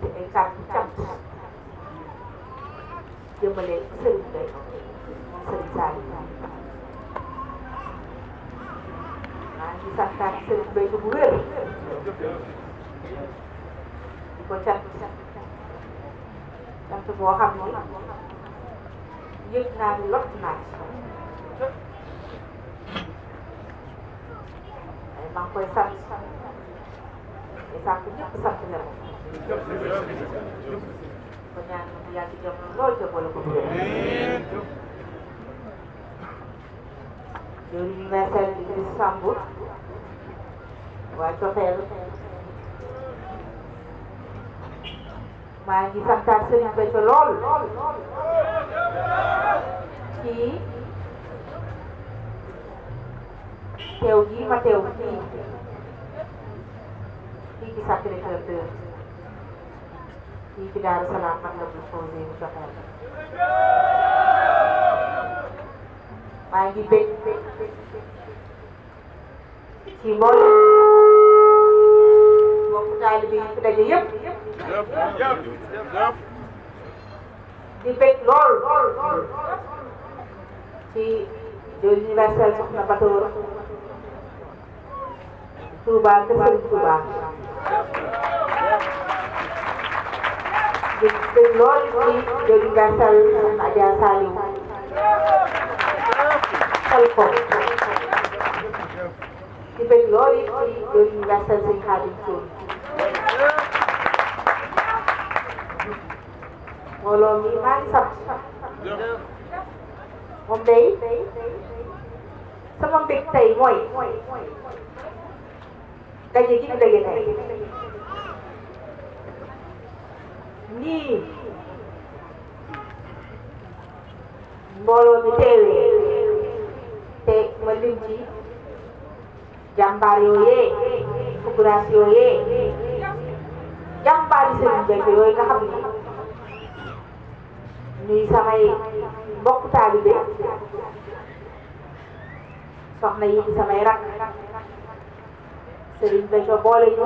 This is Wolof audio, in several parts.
di ay kàddu cant jëmale sëriñ Bay sëriñ Saliou maa ngi santaat sëriñ Bay bu wér di ko cant cant boo xam ne yëg naa ni lot naa ci maa ngi koy sant di sant ñëpp sant na ko ma mu yàgg jàmm lool te boole ko loolu ñu may xel di gis Samb waa gi ma teew fii fii ci sacré fii ci Daaru Salaam xam na bu fausi bu joxeel maa ngi bég ci mboolu mbokku taalibe yi fi daje yëpp di bég lool ci de l'universel Soxna Batoor Touba Touba di dégg lool ci dédicace Adja Saliou xel ko di dégg lool it ci dédicace sëñ Khadim Tour mbooloo mi maa ngi sant moom day sama mbég tey mooy daje gi ñu daje tey lii mbooloo mi teewee te ma lim ci jàmbaar yooyee fukuraas yooyee jàmbaari Serigne Béthio yooyu nga xam ni ñuy samay mbokk taalibe soxna yi samay rakk Serigne Béthio boole ñu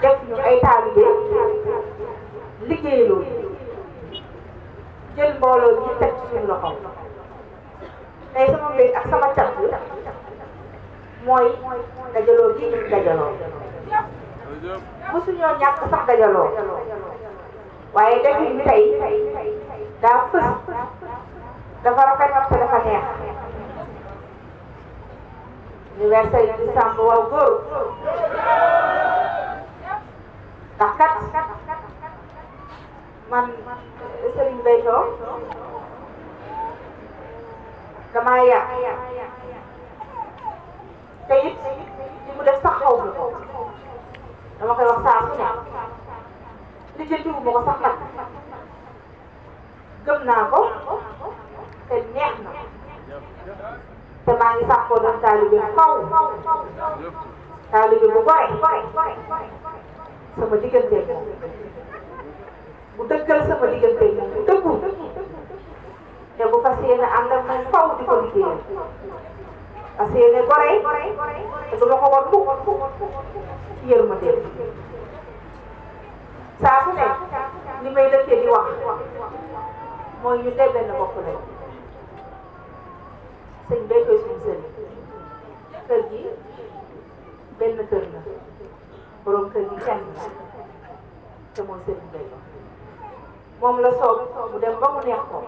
def ñu ay taalibe liggéeyloo jël mbooloo ñu teg ci suñu loxo tey sama mbéy ak sama càq mooy dajaloo gi ñu dajaloo mosuñoo ñàkk sax dajaloo waaye def yi ñu daa fës dafa rafet te dafa neex anniversaire du Samba Waaw Góor ndax kat man eh, Serigne Béthio damaa yàq te it li mu def sax xaw ma ko dama koy wax saa su ne li jëndiwu ma ko sax nag naa ko te neex na te maa ngi sax koo doon taalibe faw taalibe sama digganteeg moom bu dëggal sama digganteeg moom bu dëggu te bu fas yéene ànd ak moom faw di ko liggéeyal fas yéene goree te du ma ko war mukk yërmande saa su ne li may dëkkee di wax mooy ñu dee e bopp lañ sëñ béykat suñu sëriñ kër gi benn kër la. borom kër gi te mooy Serigne Mbaye Ba moom la soob mu dem ba mu neex ko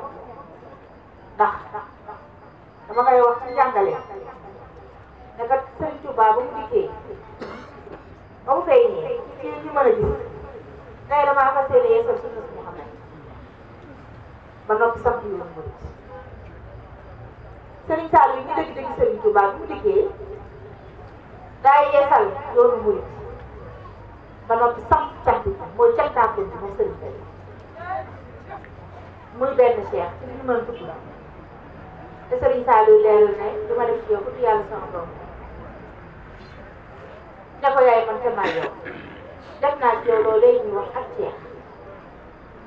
ndax dama koy wax ci jàngale naka Serigne ba mu dikkee ba mu fay nii ci ñu mën a gis tey damaa fas yéene yeesal suñu Muhammad ba noppi sax ñu yëngu Serigne Sall yi ñu dëgg dëgg Serigne Touba bu mu dikkee daay yeesal yoonu murit ba noppi samp cant yi mooy cantaat yi moom sëriñ bi muy benn cheikh ci li mën dugg te sëriñ Saliou leeral ne du ma def ci yow ku yàlla sama doom ne ko yaay man te maa def naa ci loolu lay ñuy wax ak cheikh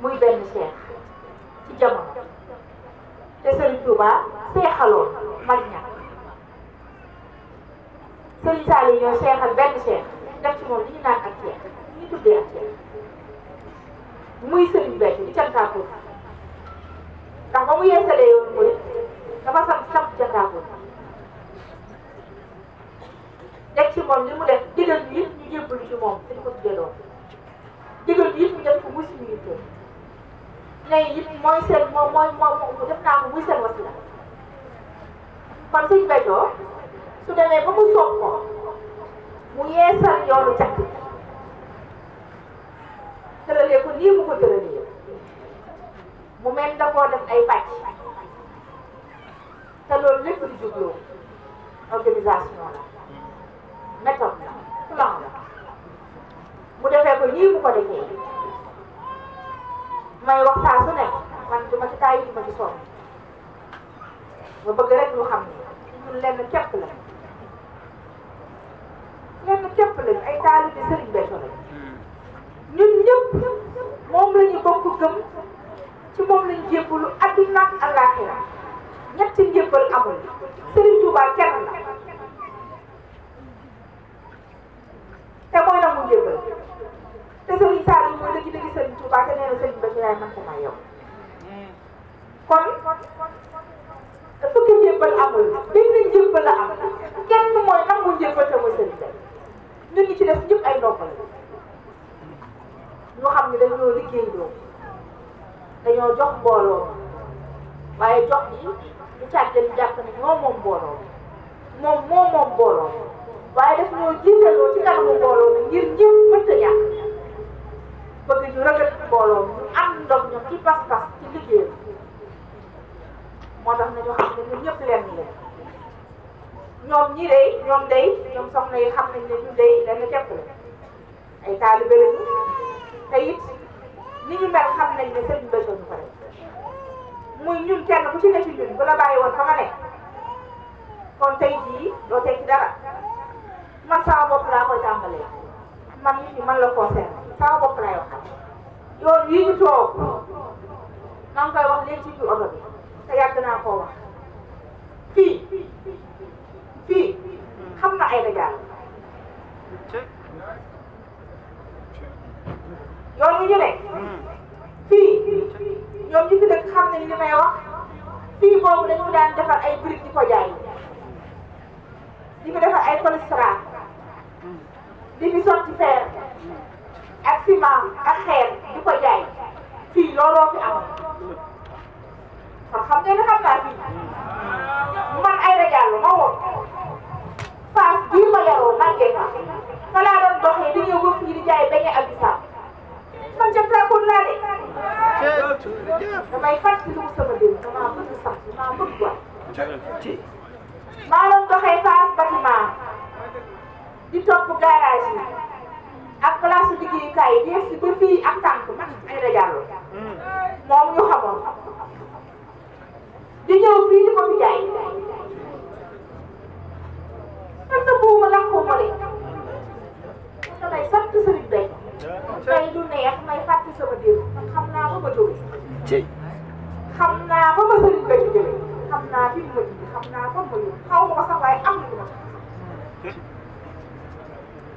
muy benn cheikh ci jamono te sëriñ Touba seexaloon mag ña sëriñ Saliou ñoo seexal benn cheikh def ci moom li ñu naan ak jeex li ñu tuddee ak jeex muy Serigne Béthio di cantaakoor ndax ba mu yeesalee yoon mooy dafa sam samp cantaakoor teg ci moom li mu def digal bi yëpp ñu jébbalu ci moom te di ko tuddee doom digal bi yëpp ñu def ko muy suñu yittee ne it mooy seen moom mooy moom def naa ko muy seen wasila kon Serigne Béthio su demee ba mu soog mu yeesal yoonu jàkk tëralee ko nii mu ko tëralee mu mel da koo def ay pàcc te loolu lépp lu jubloo organisation la méthode la plan la mu defee ko lii mu ko defee may wax saa su nekk man duma ci taay yi duma ci sonn ma bëgg rek ñu xam ne ñun lenn képp la kenn képp lañ ay taalibe sëriñ Béthio lañ ñun ñëpp moom la ñu bokk gëm ci moom lañ jébbalu adduna ak alaaxira ñetti njébbal amul sëriñ Touba kenn la te mooy na mu njébbal te sëriñ Saliou mooy dëgg dëgg sëriñ Touba te nee sëriñ Béthio yaay man ko may yow kon fukki njébbal amul benn njébbal la mooy nangu njébbal te mooy sëriñ Béthio ñun ñi ci def ñëpp ay ndongo la ñu xam ne dañoo liggéey doo dañoo jox mbooloo waaye jox yi ñu càggal jàpp ne moom moom mbooloo moom moom moom mbooloo waaye daf ñoo jiitaloo ci kanamu mbooloo bi ngir ñëpp mënta ñàkk bëgg ñu rëgët mbooloo ñu am ndox ñoom ci pas-pas ci liggéey moo tax nañu xam ne ñun ñëpp lenn leen ñoom ñi day ñoom day ñoom na yi xam nañ ne ñun day dana jàpp la ay taalibe lañu te ni ñu mel xam nañ ne sëriñ Bethio ñu ko kenn ku ci ne ci la bàyyi woon fa ne kon tey jii doo teg ci dara man sama bopp laa koy tàmbalee man nit man la concerné sama bopp laay waxal yoon yi ñu toog maa ngi koy wax ci biir oto bi te naa koo xam na ay ragal yoon wi ñu fii ñoom ñu fi dëkk xam nañ li may wax fii boobu dañu daan defar ay briques di ko jaay di fi defar ay polistrat di fi sotti fer ak ciment ak xeer di ko jaay fii looloo fi am kon xam nga ne xam naa fii man ay ragal ma woon. fekkee laa doon doxee di ñëw ba fii di jaay bañ a ak bisaab man ca Takkour laa de. damay fàttaliku sama déw damaa bëgg sax damaa bëgg war. maa doon doxee Fass bâtiment di topp garage yi ak place liggéeyukaay yi di si ba fii ak tànk man ay rajo moom ñu xamoon di ñëw fii di ko fi jaay. sama déet man xam naa fa ma jógee. ci xam naa fa ma sëriñ bay jógee xam naa fi mu ma jógee xam naa fa ma yóbbu xaw ma ko sax waaye am na lu ma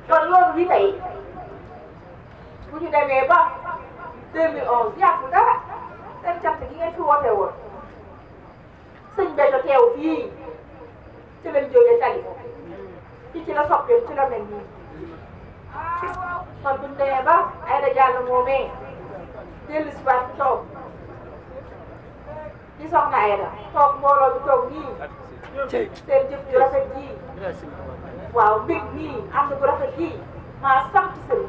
kon loolu li tey bu ñu demee ba 2011 yàggul dara seen cant gi ngeen fi woote woon sëñ Bello teew fii ci lañ jógee tali ci ci la soppeeku ci la mel nii kon bu ñu demee ba ay la jàll moomee dellu si waat toog ci soxna Aida toog mbooloo bi toog nii seen jëf ju rafet jii waaw mbir nii ànd gu rafet jii maa sant sëriñ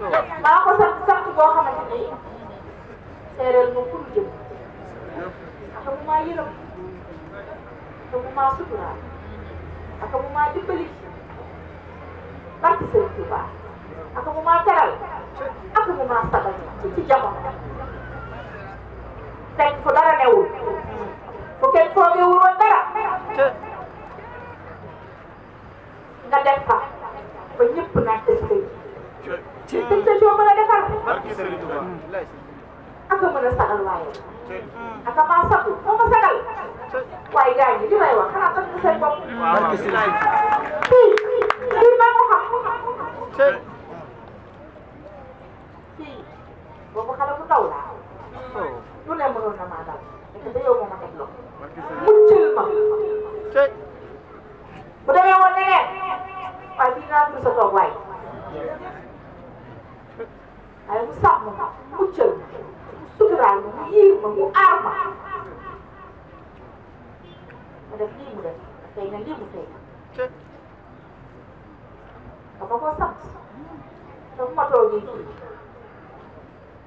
bi maa ko sant sant boo xamante ni séeréer moom pour jëm aka mu maa yërëm aka mu maa suturaal aka mu maa dimbali barke sëriñ Tuubaa ak mu maa teral ak mu maa sagal ci jamono teg fu dara newul fu kenn foogewul woon dara nga def fa ba ñëpp naan tëj tëj tëj yoo mën a defar aka mën a sagal waaye aka maa sagu moo ma sagal waaye gars yi li may wax xanaa tëj seen bopp fii fii maa ko xam na maa dal te yow moom a teg loolu muccul ma bu demee woon leneen waaye fii naa fi sa toog waaye waaye mu sàmm ma muccal ma mu suturaal ma mu yiir ma mu aar ma mu def lii mu def tey na lii mu tey na dafa ko sant te bu ma toogee fii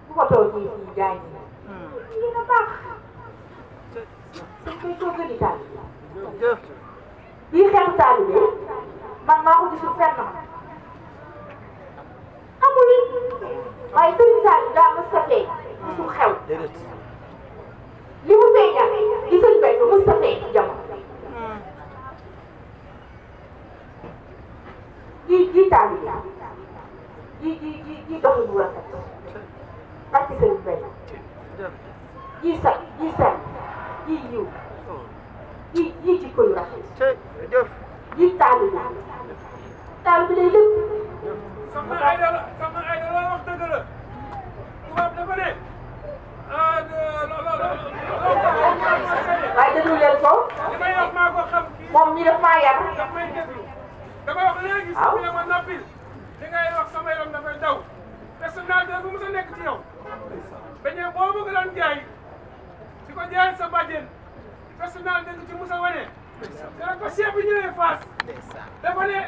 bu ma toogee fii gaañ lii na baax dañ koy togg di taal lii xeetu taalibe man maa ko gisul fenn amul waaye sëriñ Saliou daa mës a feeñ gisul xew li mu feeñal li sëriñ Bay ba mës a feeñ jamono ji ji taalibe ji ji ji ji doxu bu rafet parce que sëriñ Bay ji set ji sell ji yiw ji ji jikko yu rafet ji taali bi taali bi day lépp sama ay dala sama ay dala wax dëgg la tubaab dafa ne waaye déglu leen ko moom mi daf maa yar dama wax léegi si ma noppil li ngay wax sama yaram dafay daw personnalité bu mu sa nekk ci yow beñee boobu nga doon jaay di ko jaay sa bàjjen personnel dëgg ci Moussa Wane dana ko chef bi ñëwee Fass dafa ne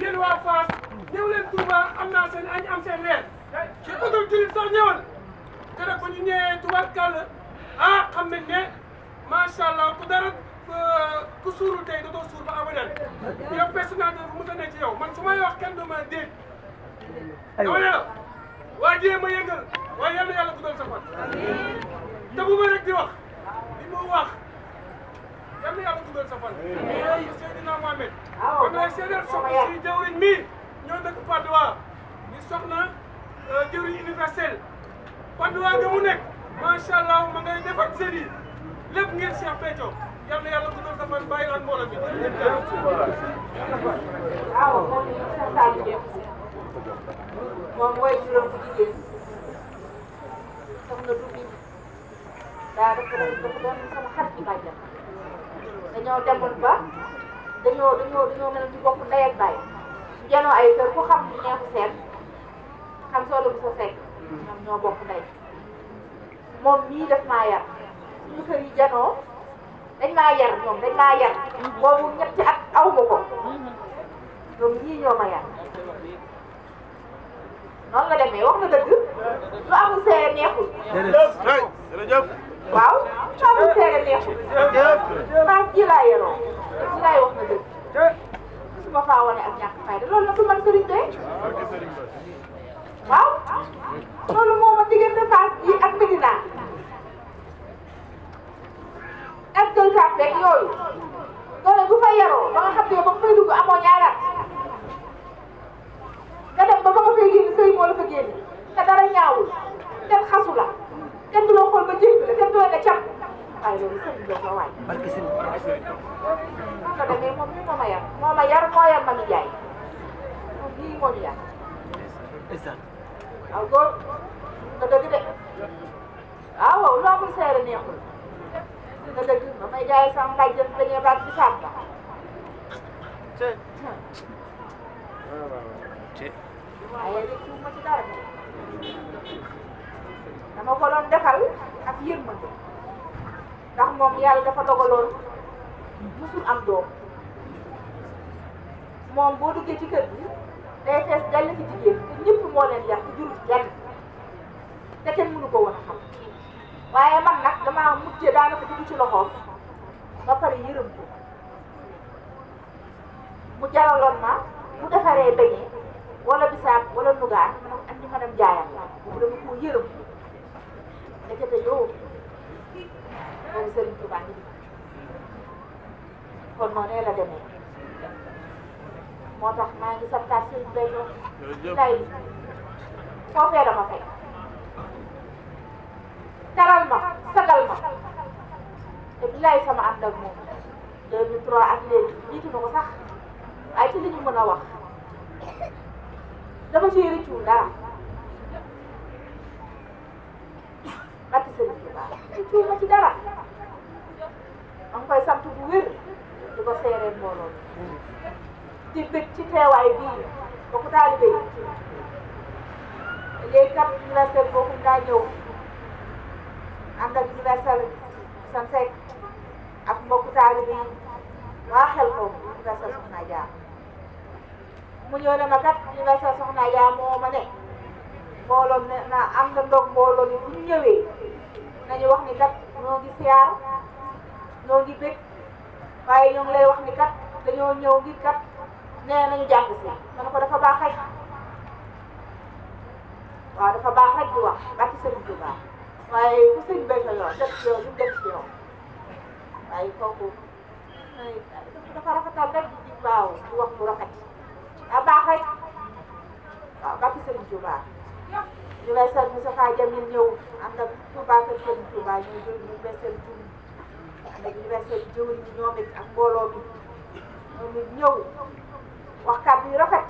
yéen waa Fass ñëw leen Touba am naa seen añ am seen reer ci utul julit sax ñu ñëwee Touba kàll ah xam nañ allah ku dara ku suurul tey dootoo suur ba abadan yow personnel bi mu ta ne ci yow man su may wax kenn du ma dégg dama waa jee ma yëngal waaye yal na yàlla guddal sa fan te bu ma rek di wax li mu wax yal na yàlla guddal sa fan yooyu Seydina Mohamed kon nag Seydina soxna si jawriñ mi ñoo dëkk Padoa ñu soxna euh, jawriñ universel Padoa ga mu nekk macha allah ma ngay def ak seen yi lépp ngeen Cheikh Béthio yal na yàlla guddal sa fan bàyyi la ak mbooloo mi waaw moom mooy juróom bu jigéen nga du fi daa dafa dafa doon sama xarit dañoo demoon ba dañoo dañoo dañoo mel ni bokk ndey ak bàyyi janoo ay kër ku xam neexu seen xam soo la bu sa fekk ñoom ñoo bokk ndey moom mii daf maa yar suñu kër yi janoo dañ maa yar ñoom dañ maa yar boobu ñetti at aw ma ko ñoom ñoo ma yar noonu la demee wax na dëgg lu amul seere neexul. jërëjëf waaw lu amul seere neexul. maa ngi ji laa yoroo ji laay wax na dëgg. su ma faa wane ak ñàkk fayda loolu la su man sëriñ de. waaw loolu moo ma diggante Fass yi ak Medina ak Gueule Tapée rek yooyu loolu bu fa yaroo ba nga xam ne ba nga fay dugg amoo ñaaraat nga dem ba ba nga fay génn sëy moo la fa génn. nga càpp waaye loolu sëriñ bi la waay. barke sëriñ bi la waay. moom la demee moom ñu ma yar moo ma yar moo yar mami Ndiaye moom lii moo ñu yar. waaw góor nga dëgg de waaw waaw loo muy seere neexul nga dëgg ba may jaayee sama mbay jënd dañuy baat ci saam ba. waaye rek ma ci dara dama ko doon eh. ah, defal. ak yërmande ndax moom yàlla dafa dogaloon musul am doom moom boo duggee ci kër gi day fees dell ci jigéen te ñëpp moo leen yar te jurul ci kenn te kenn mënu ko woon xam waaye man nag damaa mujjee daanaka dugg ci loxoom ba pare yërëm ko mu jaraloon ma mu defaree beñe wala bisaab wala nugaar mu andi ma dem jaayam la bu dama ko yërëm ndekete yoo moom Serigne Touba ñu kon moo nee la demee moo tax maa ngi santaat Serigne Béthio tey foofee la ma fay taral ma sagal ma te bilaay sama ànd ak moom 2003 ak léegi jiitu ko sax ay ci li ñu mën a wax dama ciy rëccu dara ci tuuma ci dara ma koy sant bu di ko seeree mbooloo di bëgg ci teewaay bii bokku taalibe yi léegi kat universel boobu daa ñëw ànd ak universel san sek ak mbokku taalibe yi waa xel ko universel soxna jaar mu ñëw ne ma kat universel soxna jaar moo ma ne mbooloo ne na am na ndox mbooloo ni bu ñu ñëwee nañu wax ni kat ñoo ngi siyaar ñoo ngi bég waaye ñoo lay wax ni kat dañoo ñëw ngir kat nee nañu jàng si man ko dafa baax rek waaw dafa baax rek di wax bàcc sëriñ bi baax waaye ku sëriñ béy ko yoon def yow ñu def yow waaye kooku dafa rafetal rek di waaw di wax mu rafet daa baax rek waaw bàcc sëriñ bi baax ñu lay sant Moustapha Jamil ñëw ànd ak Touba kër Sëriñ Touba ñu jël ñu lay sant jur ànd ak ñu lay sant jëwri ñi ñoom it ak mbooloo bi ñoom it ñëw wax kàddu yu rafet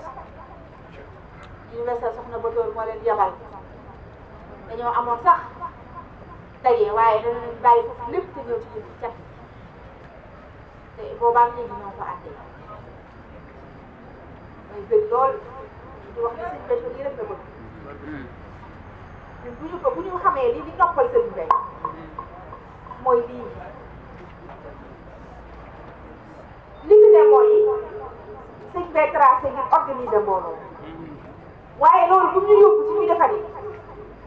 ñu lay sant soxna Batoor moo leen yabal dañoo amoon sax daje waaye dana leen bàyyi foofu lépp te ñëw ci yëf cat te boobaa léegi ñoo ko àndee mooy bëgg lool di wax ne sëñ Batoor yi rek la bëgg ñun toujours que bu ñu xamee li li noppal Serigne Baye mooy lii li fi ne mooy Serigne Baye tracé ngir organiser mbooloo waaye loolu bu ñu yóbbu ci ñuy defar yi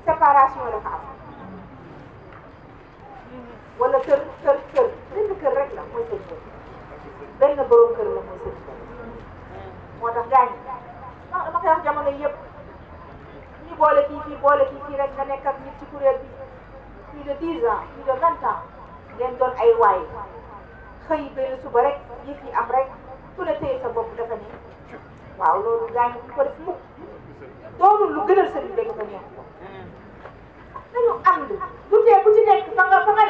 séparation dafa am wala kër kër kër benn kër rek la mooy seen kër benn borom kër la mooy seen kër moo tax gaañ ndax dama koy wax jamono yëpp. boole kii fii boole kii fii rek nga nekk ak nit ci kuréel bi plus de dix ans plus de vingt doon ay waay xëy benn suba rek yëf yi am rek ku ne téye sa bopp dafa ni waaw loolu gaa ngi ko def mukk doonul lu gënal sëriñ bi nga ko mm. ñëw dañu ànd dundee bu ci nekk fa nga fa nga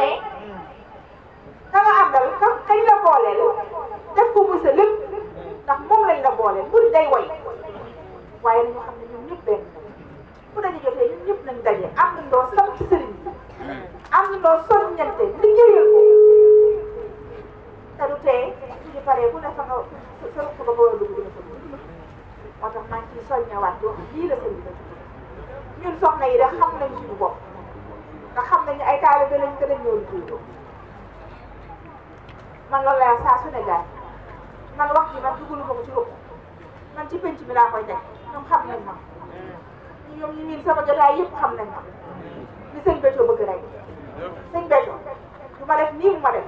ñi ñoom ñu miin sama jotaay yëpp xam nañ li sëñ Béthio bëgg rek sëñ Béthio du ma def nii mu ma def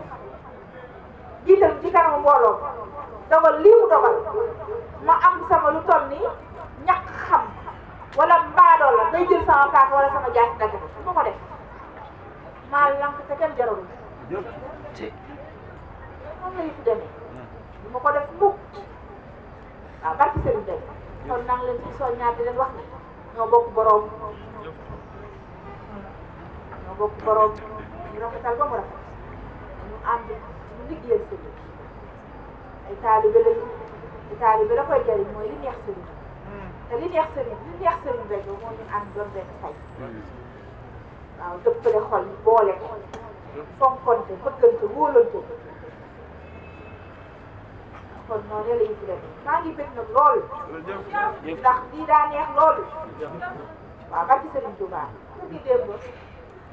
jiital ci kanamu mbooloo dogal lii mu dogal ma am sama lu toll nii ñàkk xam wala mbaadoo la day jël sama kaat wala sama jaasi dagg du ma ko def maa lank te kenn jarul ko def mukk waaw barki sëriñ Béthio kon nang leen ci soññaat di leen wax ne ñoo bokk boroom ñoo bokk boroom ñu rafetal ba mu rafet ñu ànd ñu liggéeyal sëñ bi ay taalibe la ay taalibe la koy jëriñ mooy li neex sëriñ hmm. te li neex sëriñ li neex sëriñ rek moo ñu ànd doon benn say hmm. waaw dëppale xol boole fonkonte bëggante wóolante kon noonu la ñu fi def maa ngi bëgg nag lool. ndax lii daa neex lool. waaw barki Serigne Touba. su ñu démb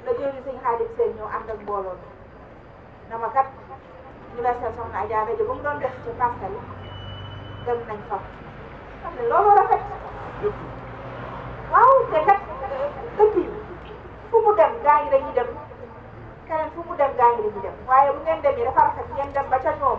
la jëriñ sëñ Xaadim seen ñëw ànd ak mbooloo mi. dama kat universel soxna Adja rajo ba mu doon def ci parcelle dem nañ fa. xam ne loolu rafet. waaw te kat dëkk yi fu mu dem gaa ngi dem keneen fu mu dem gaa ngi dañuy dem waaye bu ngeen demee dafa rafet ngeen dem ba ca ñoom.